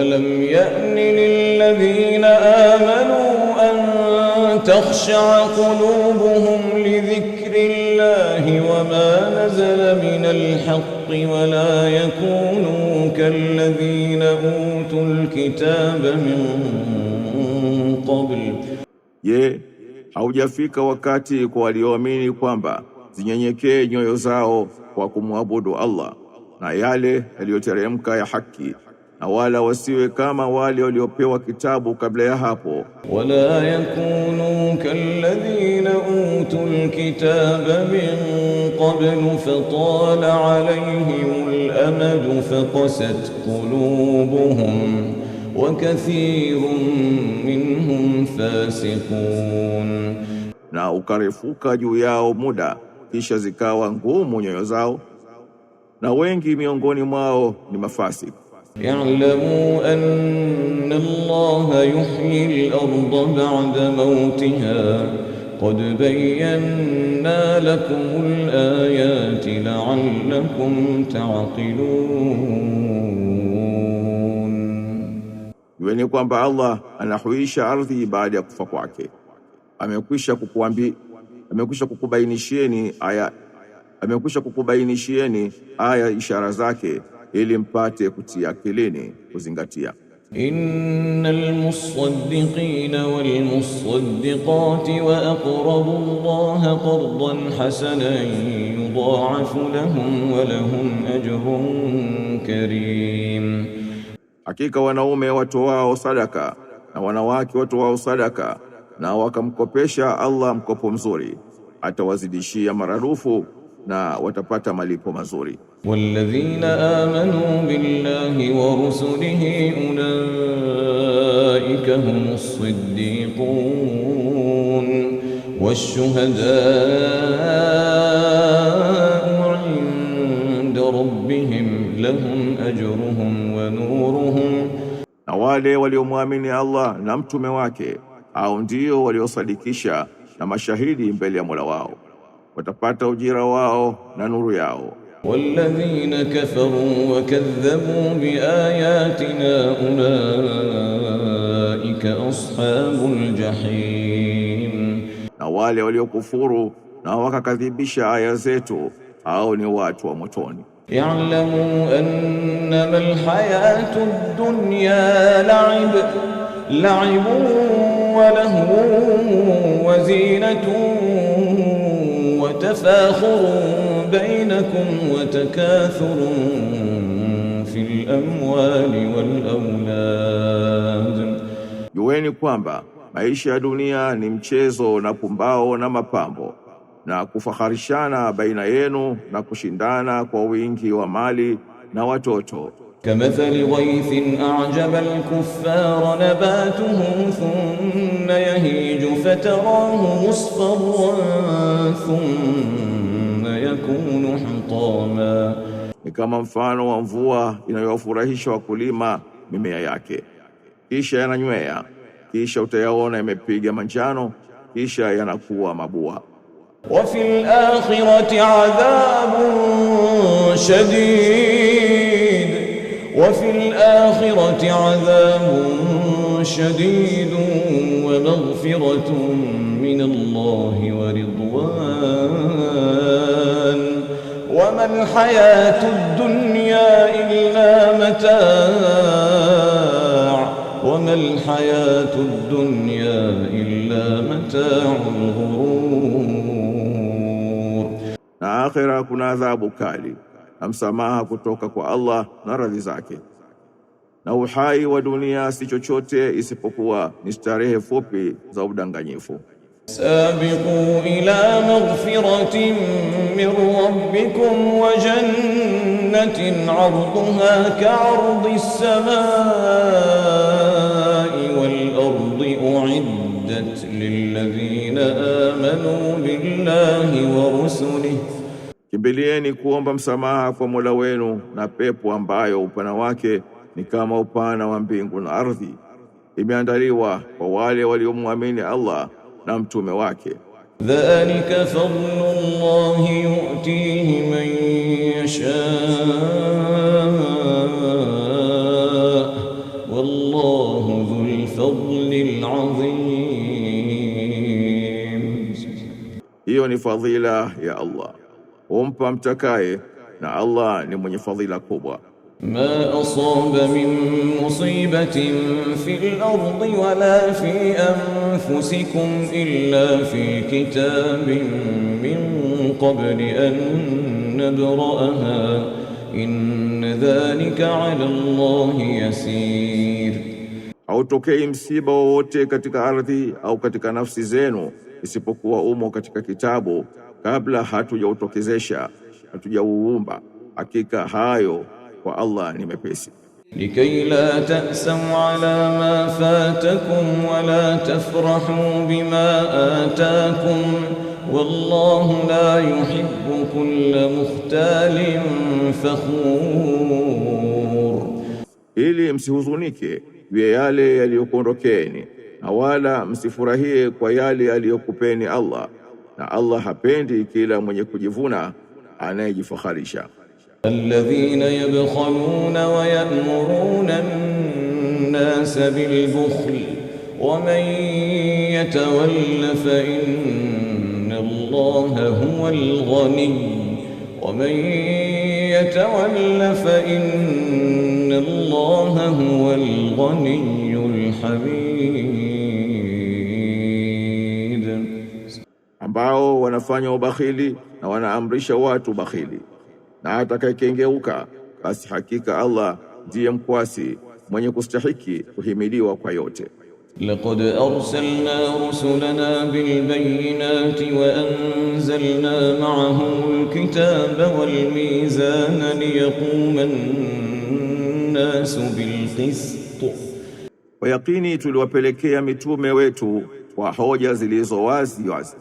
ألم يأن للذين آمنوا أن تخشع قلوبهم لذكر الله وما نزل من الحق ولا يكونوا كالذين أوتوا الكتاب من قبل Je, haujafika wakati kwa walioamini kwamba zinyenyekee nyoyo zao kwa kumwabudu Allah na yale yaliyoteremka ya haki na wala wasiwe kama wale waliopewa kitabu kabla ya hapo. wala yakunu kalladhina utul kitaba min qablu fatala alayhimul amadu faqasat qulubuhum wa kathirun minhum fasiqun, na ukarefuka juu yao muda, kisha zikawa ngumu nyoyo zao, na wengi miongoni mwao ni mafasiki. اعلموا أن الله يحيي الأرض بعد موتها قد بينا لكم الآيات لعلكم تعقلون يعني كما الله أن أحويش أرضي بعد أكفاك وعكي أمكوش كوكوان بي أمكوش كوكو بينشيني آية أمكوش كوكو بينشيني آية إشارة زاكي ili mpate kutia akilini kuzingatia. Innal musaddiqina wal musaddiqati wa aqrabu Allaha qardan hasanan yudha'afu lahum wa lahum ajrun karim, hakika wanaume watoao sadaka na wanawake watoao sadaka na wakamkopesha Allah mkopo mzuri atawazidishia maradufu na watapata malipo mazuri. walladhina amanu billahi wa rusulihi ulaika humus siddiqun washuhadaa inda rabbihim lahum ajruhum wa nuruhum, na wale waliomwamini Allah na mtume wake, au ndio waliosadikisha na mashahidi mbele ya Mola wao watapata ujira wao na nuru yao. Walladhina kafaru wa kadhabu biayatina ulaika ashabul jahim, na wale waliokufuru na wakakadhibisha aya zetu, hao ni watu wa motoni. Ya'lamu annama alhayatu ad-dunya la'ib la'ibun wa lahwun wa zinatun تفاخر بينكم وتكاثر في الأموال والأولاد Jueni kwamba maisha ya dunia ni mchezo na pumbao na mapambo na kufaharishana baina yenu na kushindana kwa wingi wa mali na watoto كمثل غيث أعجب الكفار نباته ثم يهيج فتراه مصفرا ثم يكون حطاما ni kama mfano wa mvua inayowafurahisha wakulima mimea yake, kisha yananywea, kisha utayaona yamepiga manjano, kisha yanakuwa mabua. wa fil akhirati adhabun shadid وفي الآخرة عذاب شديد ومغفرة من الله ورضوان وما الحياة الدنيا إلا متاع وما الحياة الدنيا إلا متاع الغرور آخرة كنا ذا بكالي na msamaha kutoka kwa Allah na radhi zake. Na uhai wa dunia si chochote isipokuwa ni starehe fupi za udanganyifu. Sabiqu ila maghfiratin min rabbikum wa jannatin 'arduha ka'ardi as-samaa'i wal ardi u'iddat lil ladhina amanu billahi wa rusulihi Kimbilieni kuomba msamaha kwa Mola wenu na pepo ambayo upana wake ni kama upana wa mbingu na ardhi, imeandaliwa kwa wale waliomwamini Allah na mtume wake. Dhalika Allah yu'tihi man yasha wallahu dhul fadli al'azim, hiyo ni fadhila ya Allah humpa mtakaye, na Allah ni mwenye fadhila kubwa. ما أصاب من مصيبة في الأرض ولا في أنفسكم إلا في كتاب من قبل أن نبرأها إن ذلك على الله يسير Hautokei msiba wowote katika ardhi au katika nafsi zenu isipokuwa umo katika kitabu kabla hatujautokezesha hatujauumba, hakika hayo kwa Allah ni mepesi. Likai la ta'sau ala ma fatakum wa la tafrahu bima atakum wallahu la yuhibbu kulla mukhtalin fakhur, ili msihuzunike juu yale yaliyokuondokeeni na wala msifurahie kwa yale aliyokupeni Allah na Allah hapendi kila mwenye kujivuna anayejifaharisha. alladhina yabkhaluna wa ya'muruna an-nasa bil-bukhl wa man yatawalla fa inna Allaha huwal ghani wa man yatawalla fa inna Allaha huwal ghaniyyul hamid ambao wanafanya ubakhili na wanaamrisha watu ubakhili, na atakayekengeuka basi hakika Allah ndiye mkwasi mwenye kustahiki kuhimiliwa kwa yote. Laqad arsalna rusulana bayyinati wa anzalna ma'ahum alkitaba walmizana liyaquma an-nasu qist, kwa yaqini tuliwapelekea mitume wetu kwa hoja zilizo wazi wazi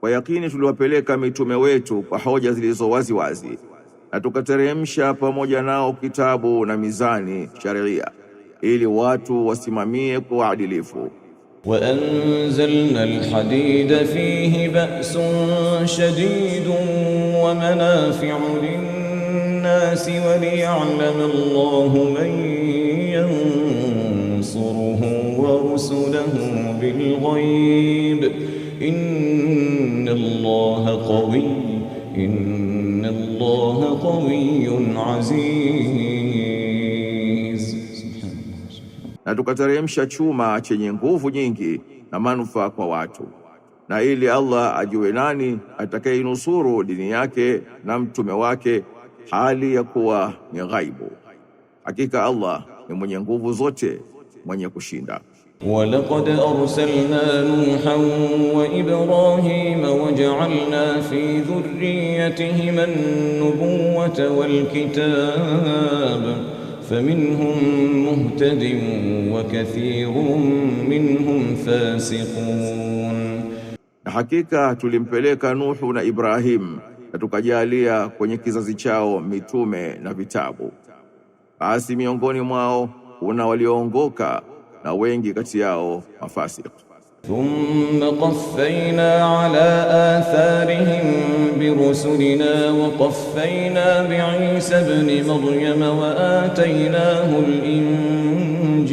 kwa yakini tuliwapeleka mitume wetu kwa hoja zilizo wazi wazi, na tukateremsha pamoja nao kitabu na mizani, sharia, ili watu wasimamie kwa uadilifu. wa anzalna alhadid fihi ba'sun shadid wa manafi'u linnasi wa liya'lam Allahu man yansuruhu wa rusulahu bilghayb إن الله قوي إن الله قوي عزيز na tukateremsha chuma chenye nguvu nyingi na manufaa kwa watu na ili Allah ajue nani atakayenusuru dini yake na mtume wake hali ya kuwa ni ghaibu. Hakika Allah ni mwenye nguvu zote, mwenye kushinda. ولقد أرسلنا نوحا وإبراهيم وجعلنا في fi النبوة والكتاب فمنهم مهتد وكثير منهم فاسقون حقيقة تلمبليك نوح fasiqun, na hakika tulimpeleka Nuhu na na tukajalia kwenye kizazi chao mitume na vitabu, basi miongoni mwao kuna walioongoka na wengi kati yao mafasik. Thumma qaffayna ala atharihim rusulina wa qaffayna bi Isa ibn Maryam wa ataynahu al-Injil,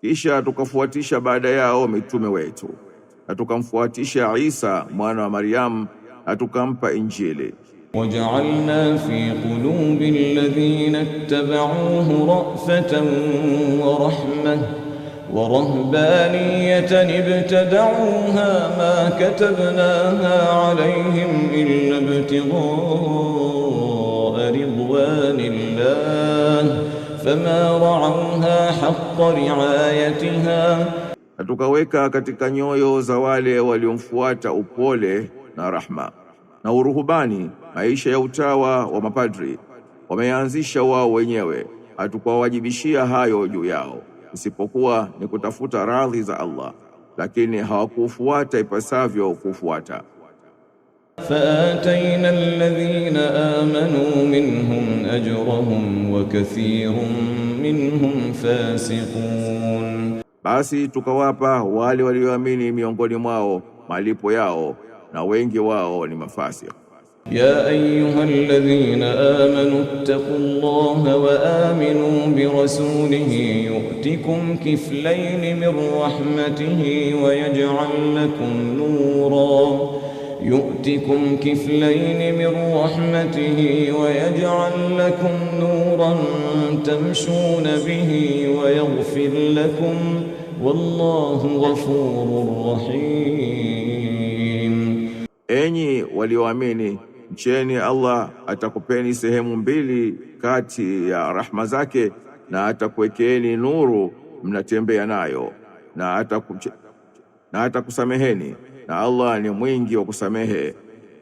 kisha tukafuatisha baada yao mitume wetu na tukamfuatisha Isa mwana wa Maryam na tukampa Injili. وجعلنا في قلوب الذين اتبعوه رأفة ورحمة ورهبانية ابتدعوها ما كتبناها عليهم إلا ابتغاء رضوان الله فما رعوها حق رعايتها Tukaweka katika nyoyo za wale waliomfuata upole na rahma na uruhubani maisha ya utawa wa mapadri wameanzisha wao wenyewe, hatukuwawajibishia hayo juu yao isipokuwa ni kutafuta radhi za Allah, lakini hawakufuata ipasavyo kufuata. faataina alladhina amanu minhum ajrahum wa kathirun minhum fasiqun, basi tukawapa wale walioamini miongoni mwao malipo yao na wengi wao ni mafasik. يا أيها الذين آمنوا اتقوا الله وآمنوا برسوله يؤتكم كفلين من رحمته ويجعل لكم نورا يؤتكم كفلين من رحمته ويجعل لكم نورا تمشون به ويغفر لكم والله غفور رحيم أني وليؤمني Mcheni Allah atakupeni sehemu mbili kati ya rahma zake, na atakuwekeeni nuru mnatembea nayo, na atakusameheni na, atakusameheni na Allah ni mwingi wa kusamehe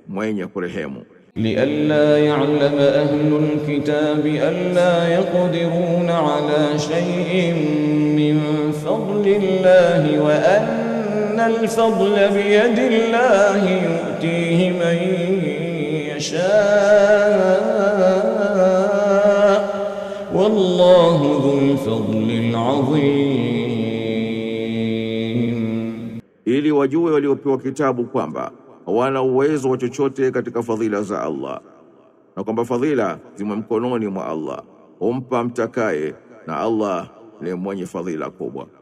mwenye kurehemu. lialla ya'lama ahlu alkitabi alla yaqdiruna ala shay'in min fadli llahi wa anna alfadla biyadi llahi yutihi man يشاء والله ذو الفضل العظيم ili wajue waliopewa kitabu kwamba hawana uwezo wa chochote katika fadhila za Allah na kwamba fadhila zimo mkononi mwa Allah humpa mtakaye na Allah ni mwenye fadhila kubwa